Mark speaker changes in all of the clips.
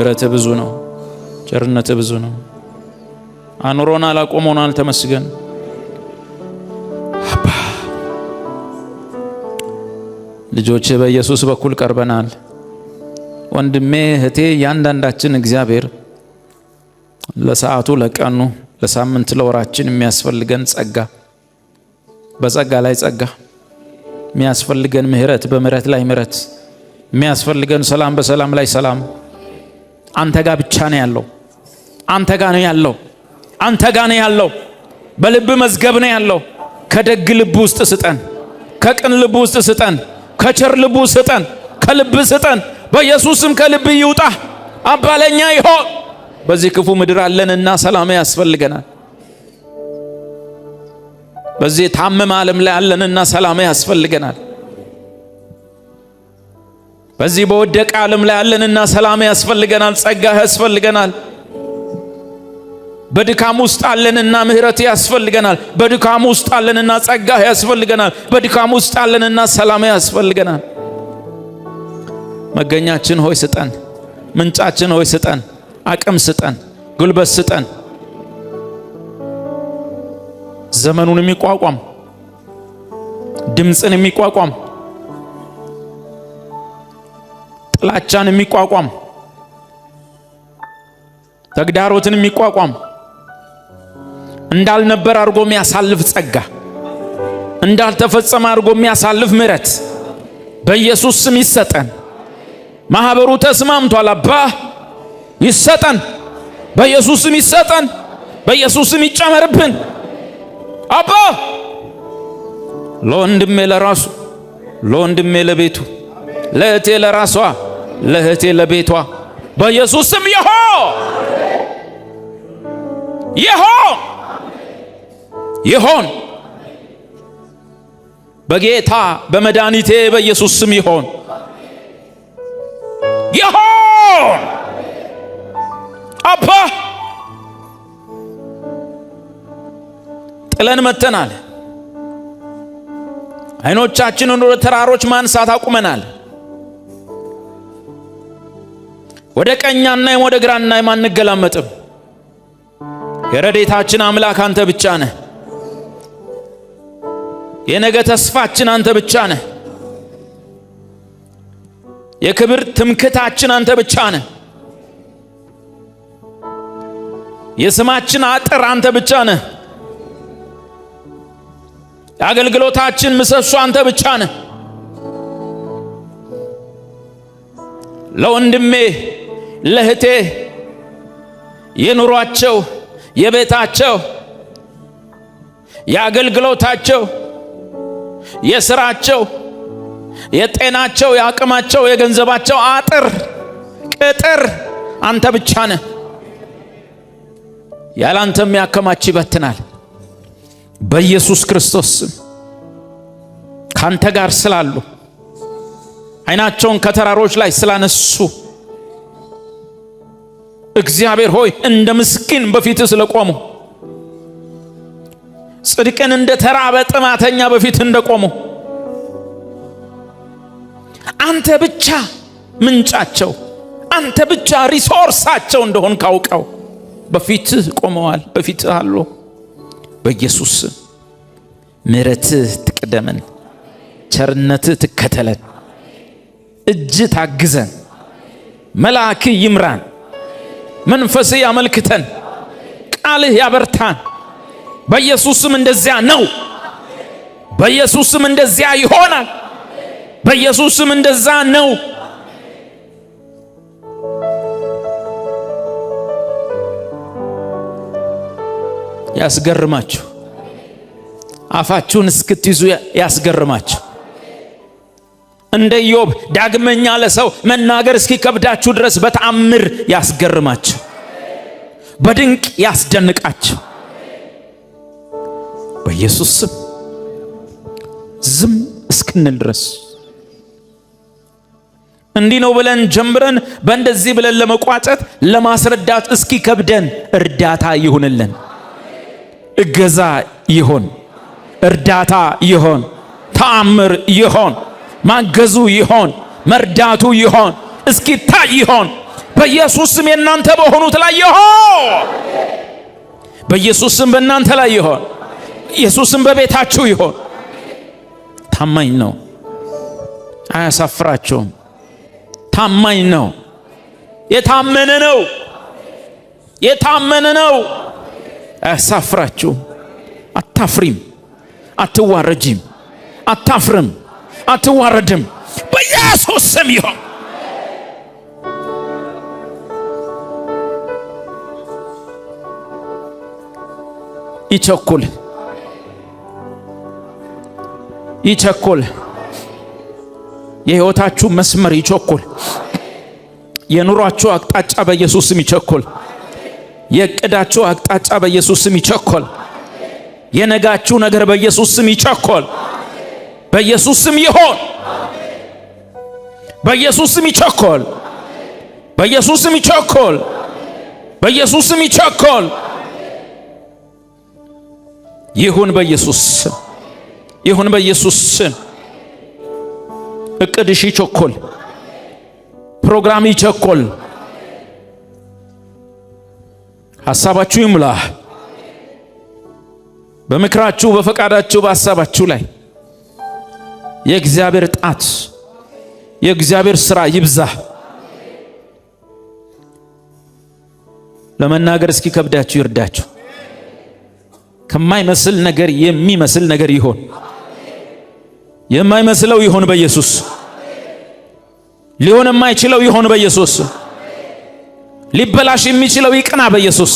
Speaker 1: ምረት ብዙ ነው፣ ቸርነት ብዙ ነው። አኑሮናል፣ አቆሞናል። ተመስገን አባ። ልጆች በኢየሱስ በኩል ቀርበናል። ወንድሜ እህቴ፣ እያንዳንዳችን እግዚአብሔር ለሰዓቱ ለቀኑ ለሳምንት ለወራችን የሚያስፈልገን ጸጋ በጸጋ ላይ ጸጋ የሚያስፈልገን ምህረት በምሕረት ላይ ምረት የሚያስፈልገን ሰላም በሰላም ላይ ሰላም አንተ ጋር ብቻ ነው ያለው። አንተ ጋር ነው ያለው። አንተ ጋር ነው ያለው። በልብ መዝገብ ነው ያለው። ከደግ ልብ ውስጥ ስጠን፣ ከቅን ልብ ውስጥ ስጠን፣ ከቸር ውስጥ ስጠን፣ ከልብ ስጠን። በኢየሱስም ከልብ ይውጣ፣ አባለኛ ይሆን። በዚህ ክፉ ምድር አለንና ሰላም ያስፈልገናል። በዚህ ታመመ ዓለም ላይ አለንና ሰላም ያስፈልገናል። በዚህ በወደቀ ዓለም ላይ ያለንና ሰላም ያስፈልገናል፣ ጸጋ ያስፈልገናል። በድካም ውስጥ አለንና ምህረት ያስፈልገናል። በድካም ውስጥ አለንና ጸጋ ያስፈልገናል። በድካም ውስጥ አለንና ሰላም ያስፈልገናል። መገኛችን ሆይ ስጠን፣ ምንጫችን ሆይ ስጠን፣ አቅም ስጠን፣ ጉልበት ስጠን፣ ዘመኑን የሚቋቋም ድምፅን የሚቋቋም ጥላቻን የሚቋቋም ተግዳሮትን የሚቋቋም እንዳልነበር አድርጎ የሚያሳልፍ ጸጋ፣ እንዳልተፈጸመ አድርጎ የሚያሳልፍ ምረት በኢየሱስ ስም ይሰጠን። ማህበሩ ተስማምቷል። አባ ይሰጠን፣ በኢየሱስ ስም ይሰጠን፣ በኢየሱስ ስም ይጨመርብን። አባ ለወንድሜ ለራሱ ለወንድሜ ለቤቱ ለእቴ ለራሷ ለእህቴ ለቤቷ በኢየሱስ ስም ይሆ ይሆ ይሆን በጌታ በመድኃኒቴ በኢየሱስ ስም ይሆን ይሆን። አባ ጥለን መተናል። አይኖቻችንን ወደ ተራሮች ማንሳት አቁመናል። ወደ ቀኛ አናይም፣ ወደ ግራ አናይም፣ አንገላመጥም። የረዴታችን አምላክ አንተ ብቻ ነህ። የነገ ተስፋችን አንተ ብቻ ነህ። የክብር ትምክታችን አንተ ብቻ ነህ። የስማችን አጥር አንተ ብቻ ነህ። የአገልግሎታችን ምሰሶ አንተ ብቻ ነህ። ለወንድሜ ለህቴ የኑሯቸው የቤታቸው የአገልግሎታቸው የስራቸው የጤናቸው የአቅማቸው የገንዘባቸው አጥር ቅጥር አንተ ብቻ ነህ። ያላንተ የሚያከማች ይበትናል። በኢየሱስ ክርስቶስ ስም ካንተ ጋር ስላሉ አይናቸውን ከተራሮች ላይ ስላነሱ እግዚአብሔር ሆይ እንደ ምስኪን በፊት ስለቆሙ ጽድቅን እንደ ተራበ ጥማተኛ በፊት እንደቆሙ አንተ ብቻ ምንጫቸው፣ አንተ ብቻ ሪሶርሳቸው እንደሆን ካውቀው በፊትህ ቆመዋል፣ በፊትህ አሉ። በኢየሱስ ምሕረትህ ትቅደመን፣ ቸርነትህ ትከተለን፣ እጅ ታግዘን፣ መልአክ ይምራን። መንፈስ ያመልክተን፣ ቃልህ ያበርታን። በኢየሱስም እንደዚያ ነው። በኢየሱስም እንደዚያ ይሆናል። በኢየሱስም እንደዛ ነው። ያስገርማችሁ አፋችሁን እስክትይዙ ያስገርማችሁ። እንደ ኢዮብ ዳግመኛ ለሰው መናገር እስኪከብዳችሁ ድረስ በተአምር ያስገርማችሁ፣ በድንቅ ያስደንቃችሁ በኢየሱስ ስም ዝም እስክንል ድረስ እንዲህ ነው ብለን ጀምረን በእንደዚህ ብለን ለመቋጨት ለማስረዳት እስኪከብደን እርዳታ ይሁንልን። እገዛ ይሆን፣ እርዳታ ይሆን፣ ተአምር ይሆን። ማገዙ ይሆን መርዳቱ ይሆን እስኪታይ ይሆን በኢየሱስ ስም የእናንተ በሆኑት ላይ ይሆን። በኢየሱስ ስም በእናንተ ላይ ይሆን። ስም በቤታችሁ ይሆን። ታማኝ ነው፣ አያሳፍራችሁም። ታማኝ ነው፣ የታመነ ነው፣ የታመነ ነው። አያሳፍራችሁም። አታፍሪም፣ አትዋረጂም፣ አታፍርም። አትዋረድም። በኢየሱስ ስም ይሆን ይቸኩል ይቸኩል። የህይወታችሁ መስመር ይቸኩል። የኑሯችሁ አቅጣጫ በኢየሱስ ስም ይቸኩል። የእቅዳችሁ አቅጣጫ በኢየሱስ ስም ይቸኩል። የነጋችሁ ነገር በኢየሱስ ስም ይቸኩል። በኢየሱስ ስም ይሆን፣ በኢየሱስ ስም ይቸኮል፣ በኢየሱስ ስም ይቸኮል፣ በኢየሱስ ስም ይቸኮል። ይሁን በኢየሱስ ስም፣ ይሁን በኢየሱስ ስም። እቅድሽ ይቸኮል፣ ፕሮግራም ይቸኮል። ሐሳባችሁ ይሙላ። በምክራችሁ፣ በፈቃዳችሁ፣ በሐሳባችሁ ላይ የእግዚአብሔር ጣት የእግዚአብሔር ስራ ይብዛ። ለመናገር እስኪ ከብዳችሁ ይርዳችሁ። ከማይመስል ነገር የሚመስል ነገር ይሆን፣ የማይመስለው ይሆን በኢየሱስ ሊሆን የማይችለው ይሆን በኢየሱስ ሊበላሽ የሚችለው ይቅና በኢየሱስ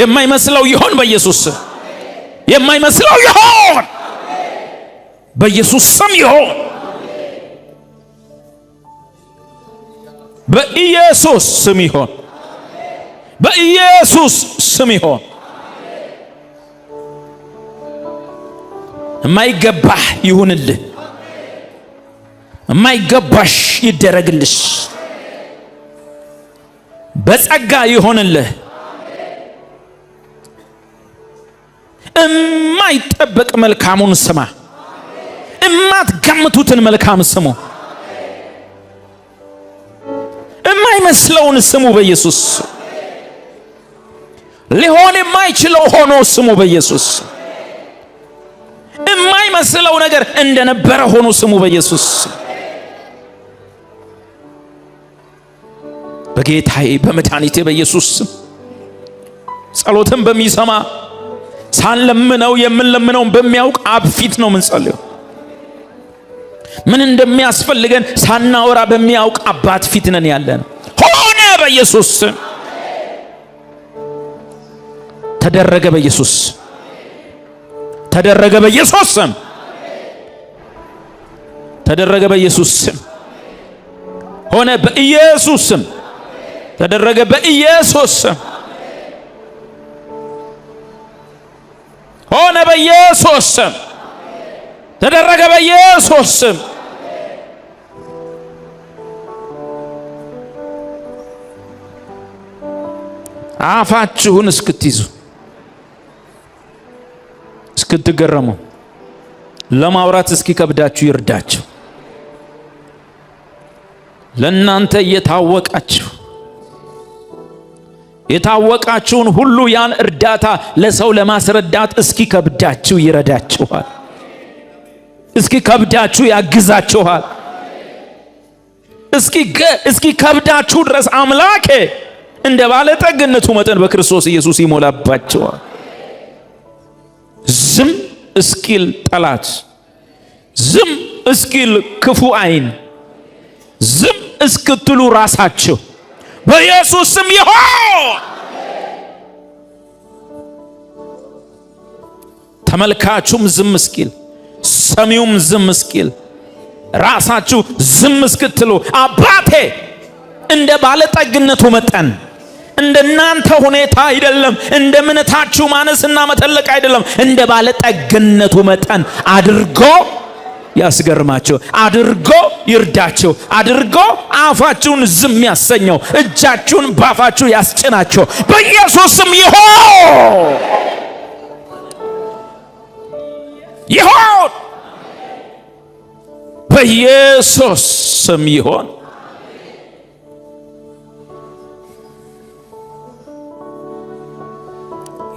Speaker 1: የማይመስለው ይሆን በኢየሱስ የማይመስለው ይሆን በኢየሱስ ስም ይሆን፣ በኢየሱስ ስም ይሆን፣ በኢየሱስ ስም ይሆን። የማይገባህ ይሁንልህ፣ የማይገባሽ ይደረግልሽ፣ በጸጋ ይሆንልህ። እማይጠበቅ መልካሙን ስማ። እማትገምቱትን መልካም ስሙ፣ እማይመስለውን ስሙ በኢየሱስ ሊሆን የማይችለው ሆኖ ስሙ በኢየሱስ የማይመስለው ነገር እንደነበረ ሆኖ ስሙ በኢየሱስ በጌታዬ በመድኃኒቴ በኢየሱስ ጸሎትን በሚሰማ ሳንለምነው የምንለምነውን በሚያውቅ አብ ፊት ነው ምንጸልየው። ምን እንደሚያስፈልገን ሳናወራ በሚያውቅ አባት ፊት ነን ያለን። ሆነ በኢየሱስ ተደረገ፣ በኢየሱስ ተደረገ፣ በኢየሱስ ተደረገ፣ በኢየሱስ ሆነ፣ በኢየሱስ ተደረገ፣ በኢየሱስ ሆነ፣ በኢየሱስ ተደረገ በኢየሱስ ስም። አፋችሁን እስክትይዙ እስክትገረሙ ለማውራት እስኪከብዳችሁ ይርዳችሁ። ለእናንተ እየታወቃችሁ የታወቃችሁን ሁሉ ያን እርዳታ ለሰው ለማስረዳት እስኪከብዳችሁ ይረዳችኋል። እስኪ ከብዳችሁ ያግዛችኋል። እስኪ ከብዳችሁ ድረስ አምላኬ እንደ ባለጠግነቱ መጠን በክርስቶስ ኢየሱስ ይሞላባቸዋል። ዝም እስኪል ጠላት፣ ዝም እስኪል ክፉ አይን ዝም እስክትሉ ራሳችሁ በኢየሱስ ስም ይሆን። ተመልካቹም ዝም እስኪል ሰሚውም ዝም እስኪል ራሳችሁ ዝም እስክትሉ አባቴ እንደ ባለጠግነቱ መጠን እንደናንተ ሁኔታ አይደለም፣ እንደ እምነታችሁ ማነስና መጠለቅ አይደለም፣ እንደ ባለጠግነቱ መጠን አድርጎ ያስገርማቸው፣ አድርጎ ይርዳቸው፣ አድርጎ አፋችሁን ዝም ያሰኘው፣ እጃችሁን ባፋችሁ ያስጭናቸው በኢየሱስም ይሆን። ይሆን በኢየሱስ ስም ይሆን።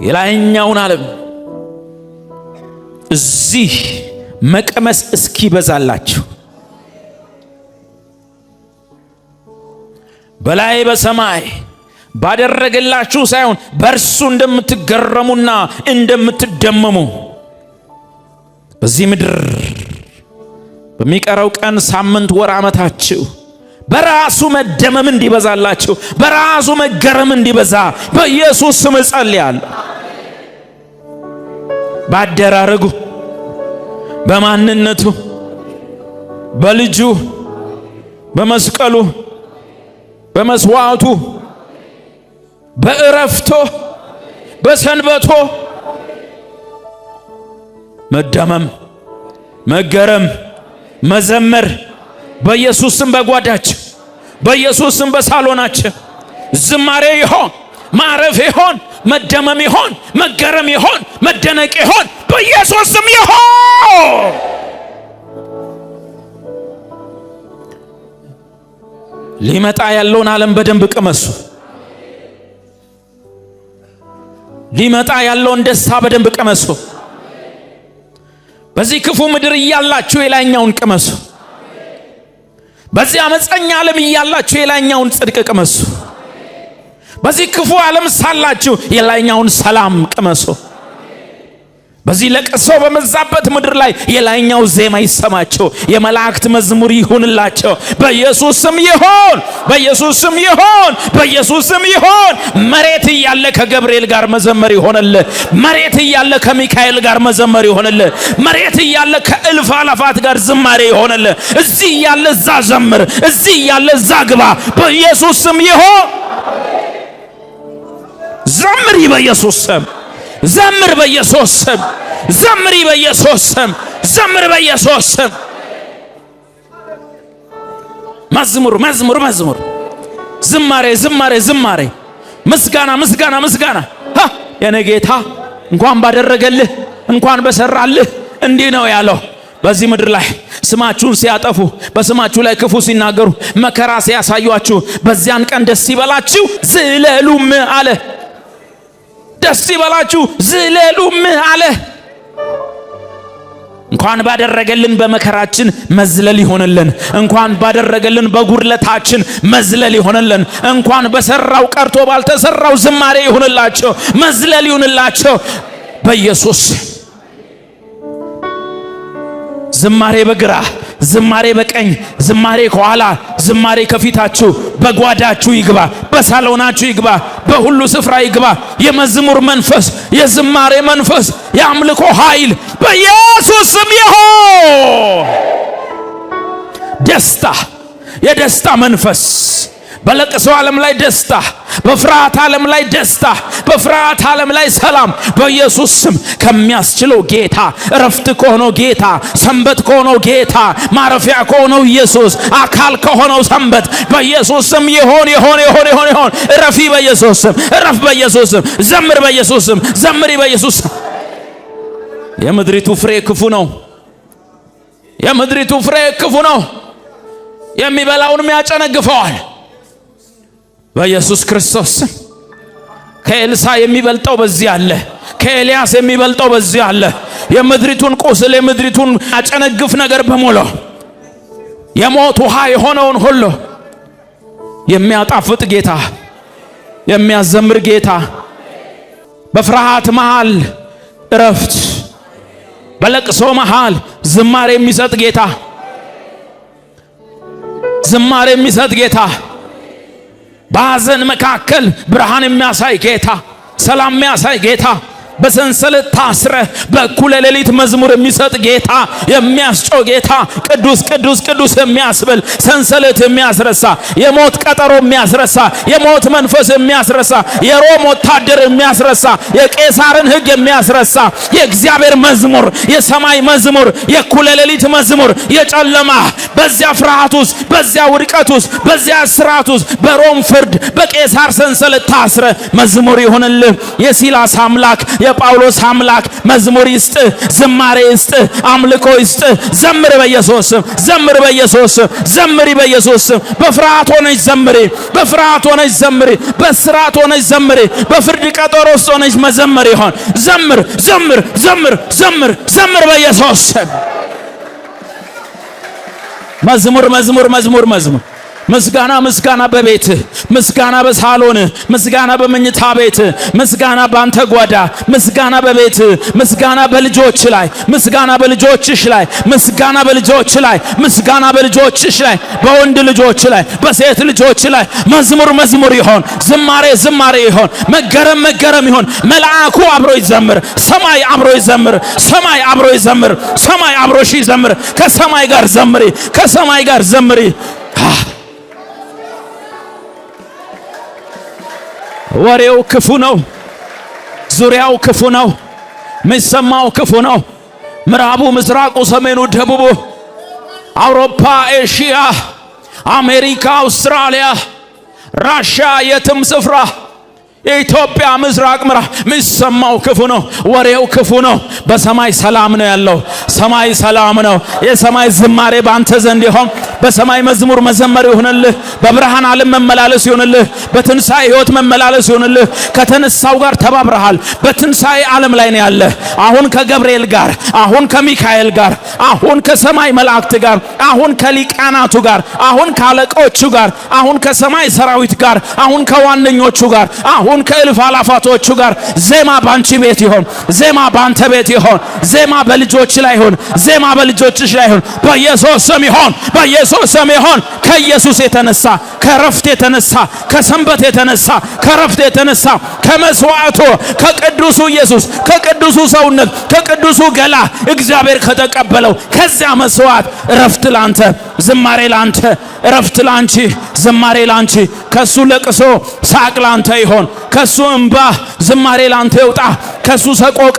Speaker 1: የላይኛውን ዓለም እዚህ መቀመስ እስኪበዛላችሁ በላይ በሰማይ ባደረገላችሁ ሳይሆን በእርሱ እንደምትገረሙና እንደምትደመሙ በዚህ ምድር በሚቀረው ቀን፣ ሳምንት፣ ወር፣ ዓመታችሁ በራሱ መደመም እንዲበዛላችሁ በራሱ መገረም እንዲበዛ በኢየሱስ ስም እጸልያለሁ። ባደራረጉ፣ በማንነቱ፣ በልጁ፣ በመስቀሉ፣ በመስዋዕቱ፣ በእረፍቶ፣ በሰንበቶ መደመም፣ መገረም፣ መዘመር በኢየሱስም በጓዳችን በኢየሱስም በሳሎናችን ዝማሬ ይሆን፣ ማረፍ ይሆን፣ መደመም ይሆን፣ መገረም ይሆን፣ መደነቅ ይሆን፣ በኢየሱስም ይሆን። ሊመጣ ያለውን ዓለም በደንብ ቅመሱ። ሊመጣ ያለውን ደስታ በደንብ ቅመሱ። በዚህ ክፉ ምድር እያላችሁ የላይኛውን ቅመሱ። በዚህ አመፀኛ ዓለም እያላችሁ የላይኛውን ጽድቅ ቅመሱ። በዚህ ክፉ ዓለም ሳላችሁ የላይኛውን ሰላም ቅመሱ። በዚህ ለቅሶ በመዛበት ምድር ላይ የላይኛው ዜማ ይሰማቸው፣ የመላእክት መዝሙር ይሁንላቸው። በኢየሱስ ስም ይሆን፣ በኢየሱስ ስም ይሆን፣ በኢየሱስ ስም መሬት እያለ ከገብርኤል ጋር መዘመር ይሆንልህ። መሬት እያለ ከሚካኤል ጋር መዘመር ይሆንልህ። መሬት እያለ ከእልፍ አላፋት ጋር ዝማሬ ይሆንልህ። እዚህ እያለ እዛ ዘምር፣ እዚህ እያለ እዛ ግባ። በኢየሱስ ስም ይሆን። ዘምሪ በኢየሱስ ስም ዘምር በኢየሱስ ስም፣ ዘምሪ በኢየሱስ ስም፣ ዘምር በኢየሱስ ስም። መዝሙር መዝሙር መዝሙር፣ ዝማሬ ዝማሬ ዝማሬ፣ ምስጋና ምስጋና ምስጋና። የኔ ጌታ እንኳን ባደረገልህ እንኳን በሰራልህ እንዲህ ነው ያለው። በዚህ ምድር ላይ ስማችሁን ሲያጠፉ በስማችሁ ላይ ክፉ ሲናገሩ መከራ ሲያሳዩአችሁ በዚያን ቀን ደስ ይበላችሁ ዝለሉም አለ። ደስ ይበላችሁ ዝለሉም አለ። እንኳን ባደረገልን በመከራችን መዝለል ይሆንልን። እንኳን ባደረገልን በጉድለታችን መዝለል ይሆንልን። እንኳን በሰራው ቀርቶ ባልተሰራው ዝማሬ ይሆንላቸው፣ መዝለል ይሆንላቸው በኢየሱስ ዝማሬ በግራ ዝማሬ በቀኝ ዝማሬ ከኋላ ዝማሬ ከፊታችሁ በጓዳችሁ ይግባ፣ በሳሎናችሁ ይግባ፣ በሁሉ ስፍራ ይግባ። የመዝሙር መንፈስ፣ የዝማሬ መንፈስ፣ የአምልኮ ኃይል በኢየሱስ ስም ይሁን። ደስታ የደስታ መንፈስ በለቅሶ ዓለም ላይ ደስታ፣ በፍርሃት ዓለም ላይ ደስታ፣ በፍርሃት ዓለም ላይ ሰላም በኢየሱስ ስም ከሚያስችለው ጌታ፣ እረፍት ከሆነው ጌታ፣ ሰንበት ከሆነው ጌታ፣ ማረፊያ ከሆነው ኢየሱስ፣ አካል ከሆነው ሰንበት በኢየሱስ ስም ይሆን ይሆን ይሆን ይሆን ይሆን። እረፊ በኢየሱስ ስም፣ እረፍ በኢየሱስ ስም፣ ዘምር በኢየሱስ ስም፣ ዘምሪ በኢየሱስ ስም። የምድሪቱ ፍሬ ክፉ ነው። የምድሪቱ ፍሬ ክፉ ነው። የሚበላውንም ያጨነግፈዋል። በኢየሱስ ክርስቶስ ከኤልሳ የሚበልጠው በዚህ አለ። ከኤልያስ የሚበልጠው በዚህ አለ። የምድሪቱን ቁስል የምድሪቱን አጨነግፍ ነገር በሙሉ የሞት ውሃ የሆነውን ሁሉ የሚያጣፍጥ ጌታ፣ የሚያዘምር ጌታ፣ በፍርሃት መሃል እረፍት፣ በለቅሶ መሃል ዝማሬ የሚሰጥ ጌታ፣ ዝማሬ የሚሰጥ ጌታ በሐዘን መካከል ብርሃን የሚያሳይ ጌታ፣ ሰላም የሚያሳይ ጌታ በሰንሰለት ታስረህ በእኩለ ሌሊት መዝሙር የሚሰጥ ጌታ፣ የሚያስጮህ ጌታ፣ ቅዱስ ቅዱስ ቅዱስ የሚያስብል ሰንሰለት የሚያስረሳ የሞት ቀጠሮ የሚያስረሳ የሞት መንፈስ የሚያስረሳ የሮም ወታደር የሚያስረሳ የቄሳርን ሕግ የሚያስረሳ የእግዚአብሔር መዝሙር የሰማይ መዝሙር የእኩለ ሌሊት መዝሙር የጨለማ በዚያ ፍርሃት ውስጥ በዚያ ውድቀት ውስጥ በዚያ ስርዓት ውስጥ በሮም ፍርድ በቄሳር ሰንሰለት ታስረ መዝሙር ይሆንልህ የሲላስ አምላክ የጳውሎስ አምላክ መዝሙር ይስጥህ፣ ዝማሬ ይስጥህ፣ አምልኮ ይስጥህ። ዘምር በኢየሱስ ዘምር በኢየሱስ ዘምሪ በኢየሱስ በፍርሃት ሆነሽ ዘምሪ፣ በፍርሃት ሆነሽ ዘምሪ፣ በስራት ሆነሽ ዘምሪ፣ በፍርድ ቀጠሮ ውስጥ ሆነሽ መዘመር ይሆን። ዘምር፣ ዘምር፣ ዘምር፣ ዘምር፣ ዘምር በኢየሱስ መዝሙር መዝሙር መዝሙር መዝሙር ምስጋና ምስጋና በቤት ምስጋና በሳሎን ምስጋና በመኝታ ቤት ምስጋና በአንተ ጓዳ ምስጋና በቤት ምስጋና በልጆች ላይ ምስጋና በልጆችሽ ላይ ምስጋና በልጆች ላይ ምስጋና በልጆችሽ ላይ በወንድ ልጆች ላይ በሴት ልጆች ላይ መዝሙር መዝሙር ይሆን ዝማሬ ዝማሬ ይሆን መገረም መገረም ይሆን መልአኩ አብሮ ይዘምር ሰማይ አብሮ ይዘምር ሰማይ አብሮ ይዘምር ሰማይ አብሮሽ ይዘምር ከሰማይ ጋር ዘምሪ ከሰማይ ጋር ዘምሪ ወሬው ክፉ ነው። ዙሪያው ክፉ ነው። ምሰማው ክፉ ነው። ምዕራቡ፣ ምስራቁ፣ ሰሜኑ፣ ደቡቡ፣ አውሮፓ፣ ኤሽያ፣ አሜሪካ፣ አውስትራሊያ፣ ራሽያ፣ የትም ስፍራ የኢትዮጵያ ምስራቅ ምራ የሚሰማው ክፉ ነው። ወሬው ክፉ ነው። በሰማይ ሰላም ነው ያለው። ሰማይ ሰላም ነው። የሰማይ ዝማሬ ባንተ ዘንድ ይሆን። በሰማይ መዝሙር መዘመር ይሆንልህ። በብርሃን ዓለም መመላለስ ይሆንልህ። በትንሣኤ ሕይወት መመላለስ ይሆንልህ። ከተነሳው ጋር ተባብረሃል። በትንሣኤ ዓለም ላይ ነው ያለህ። አሁን ከገብርኤል ጋር፣ አሁን ከሚካኤል ጋር፣ አሁን ከሰማይ መላእክት ጋር፣ አሁን ከሊቃናቱ ጋር፣ አሁን ከአለቆቹ ጋር፣ አሁን ከሰማይ ሰራዊት ጋር፣ አሁን ከዋነኞቹ ጋር፣ አሁን ከእልፍ አላፋቶቹ ጋር ዜማ ባንቺ ቤት ይሆን። ዜማ ባንተ ቤት ይሆን። ዜማ በልጆች ላይ ይሆን። ዜማ በልጆችሽ ላይ ይሆን። በኢየሱስ ስም ይሆን። በኢየሱስ የሰው ሰሜሆን ከኢየሱስ የተነሳ ከረፍት የተነሳ ከሰንበት የተነሳ ከረፍት የተነሳ ከመስዋዕቱ ከቅዱሱ ኢየሱስ ከቅዱሱ ሰውነት ከቅዱሱ ገላ እግዚአብሔር ከተቀበለው ከዚያ መስዋዕት ረፍት ላንተ፣ ዝማሬ ላንተ፣ ረፍት ላንቺ፣ ዝማሬ ላንቺ። ከሱ ለቅሶ ሳቅ ላንተ ይሆን። ከሱ እምባ ዝማሬ ላንተ ይውጣ። ከሱ ሰቆቃ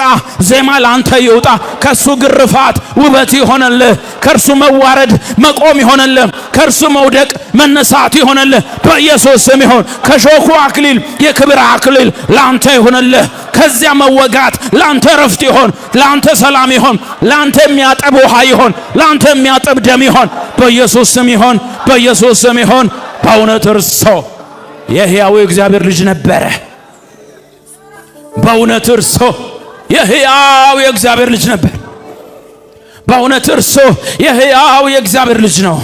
Speaker 1: ዜማ ላንተ ይውጣ። ከሱ ግርፋት ውበት ይሆነልህ። ከርሱ መዋረድ መቆም ይሆነልህ። ከርሱ መውደቅ መነሳት ይሆነልህ። በኢየሱስ ስም ይሆን። ከሾኩ አክሊል የክብር አክሊል ላንተ ይሆነልህ። ከዚያ መወጋት ላንተ ረፍት ይሆን። ላንተ ሰላም ይሆን። ላንተ የሚያጠብ ውሃ ይሆን። ላንተ የሚያጠብ ደም ይሆን። በኢየሱስ ስም ይሆን። በኢየሱስ ስም ይሆን። በእውነት እርሶ የሕያው እግዚአብሔር ልጅ ነበረ። በእውነት እርሶ የሕያው የእግዚአብሔር ልጅ ነበር። በእውነት እርሶ የሕያው የእግዚአብሔር ልጅ ነው።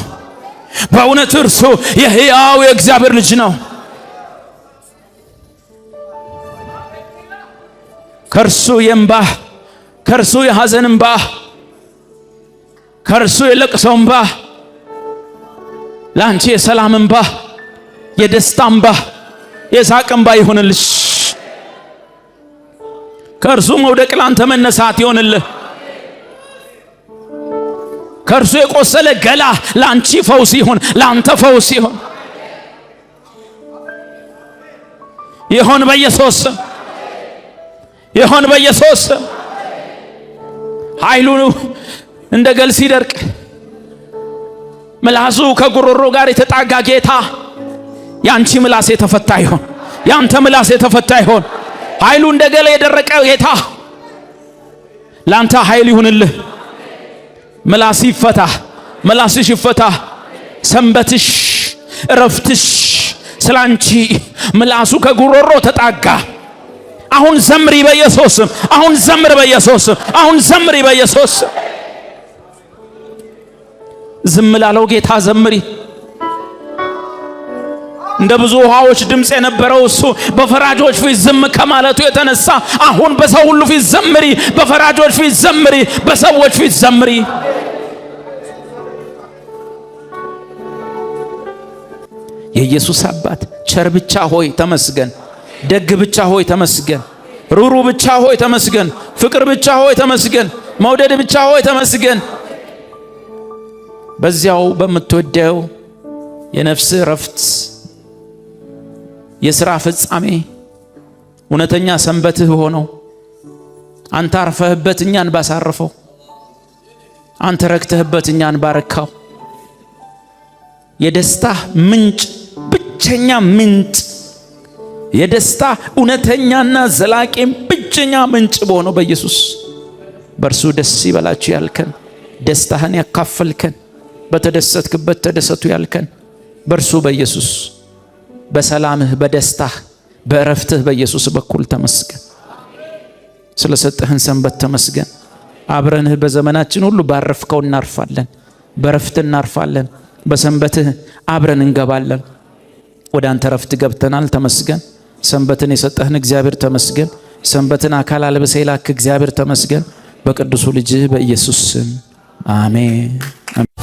Speaker 1: በእውነት እርሶ የሕያው የእግዚአብሔር ልጅ ነው። ከእርሱ የእምባ ከእርሱ የሐዘን እምባ ከእርሱ የለቅሰው እምባ ለአንቺ የሰላም እምባ፣ የደስታ እምባ፣ የሳቅ እምባ ይሆንልሽ። ከእርሱ መውደቅ ላንተ መነሳት ይሆንልህ። ከእርሱ የቆሰለ ገላ ላንቺ ፈውስ ይሆን፣ ላንተ ፈውስ ይሆን ይሆን በኢየሱስ ይሆን በኢየሱስ ኃይሉ እንደ ገል ሲደርቅ ምላሱ ከጉሮሮ ጋር የተጣጋ ጌታ ያንቺ ምላስ የተፈታ ይሆን፣ ያንተ ምላስ የተፈታ ይሆን። ኃይሉ እንደ ገለ የደረቀ ጌታ ላንተ ኃይል ይሁንልህ። ምላስ ይፈታ፣ ምላስሽ ይፈታ። ሰንበትሽ፣ እረፍትሽ ስላንቺ ምላሱ ከጉሮሮ ተጣጋ። አሁን ዘምሪ በኢየሱስ አሁን ዘምር በኢየሱስ አሁን ዘምሪ በኢየሱስ ዝም ላለው ጌታ ዘምሪ። እንደ ብዙ ውሃዎች ድምፅ የነበረው እሱ በፈራጆች ፊት ዝም ከማለቱ የተነሳ አሁን በሰው ሁሉ ፊት ዘምሪ፣ በፈራጆች ፊት ዘምሪ፣ በሰዎች ፊት ዘምሪ። የኢየሱስ አባት ቸር ብቻ ሆይ ተመስገን፣ ደግ ብቻ ሆይ ተመስገን፣ ሩሩ ብቻ ሆይ ተመስገን፣ ፍቅር ብቻ ሆይ ተመስገን፣ መውደድ ብቻ ሆይ ተመስገን። በዚያው በምትወደው የነፍስ እረፍት የሥራ ፍጻሜ እውነተኛ ሰንበትህ በሆነው አንተ አርፈህበት እኛን ባሳርፈው፣ አንተ ረክተህበት እኛን ባረካው። የደስታ ምንጭ ብቸኛ ምንጭ የደስታ እውነተኛና ዘላቂም ብቸኛ ምንጭ በሆነው በኢየሱስ በእርሱ ደስ ይበላችሁ ያልከን ደስታህን ያካፈልከን በተደሰትክበት ተደሰቱ ያልከን በእርሱ በኢየሱስ በሰላምህ፣ በደስታህ፣ በእረፍትህ በኢየሱስ በኩል ተመስገን። ስለሰጠህን ሰንበት ተመስገን። አብረንህ በዘመናችን ሁሉ ባረፍከው እናርፋለን፣ በእረፍት እናርፋለን፣ በሰንበትህ አብረን እንገባለን። ወደ አንተ እረፍት ገብተናል። ተመስገን። ሰንበትን የሰጠህን እግዚአብሔር ተመስገን። ሰንበትን አካል አልብሰ የላክ እግዚአብሔር ተመስገን። በቅዱሱ ልጅህ በኢየሱስ ስም አሜን።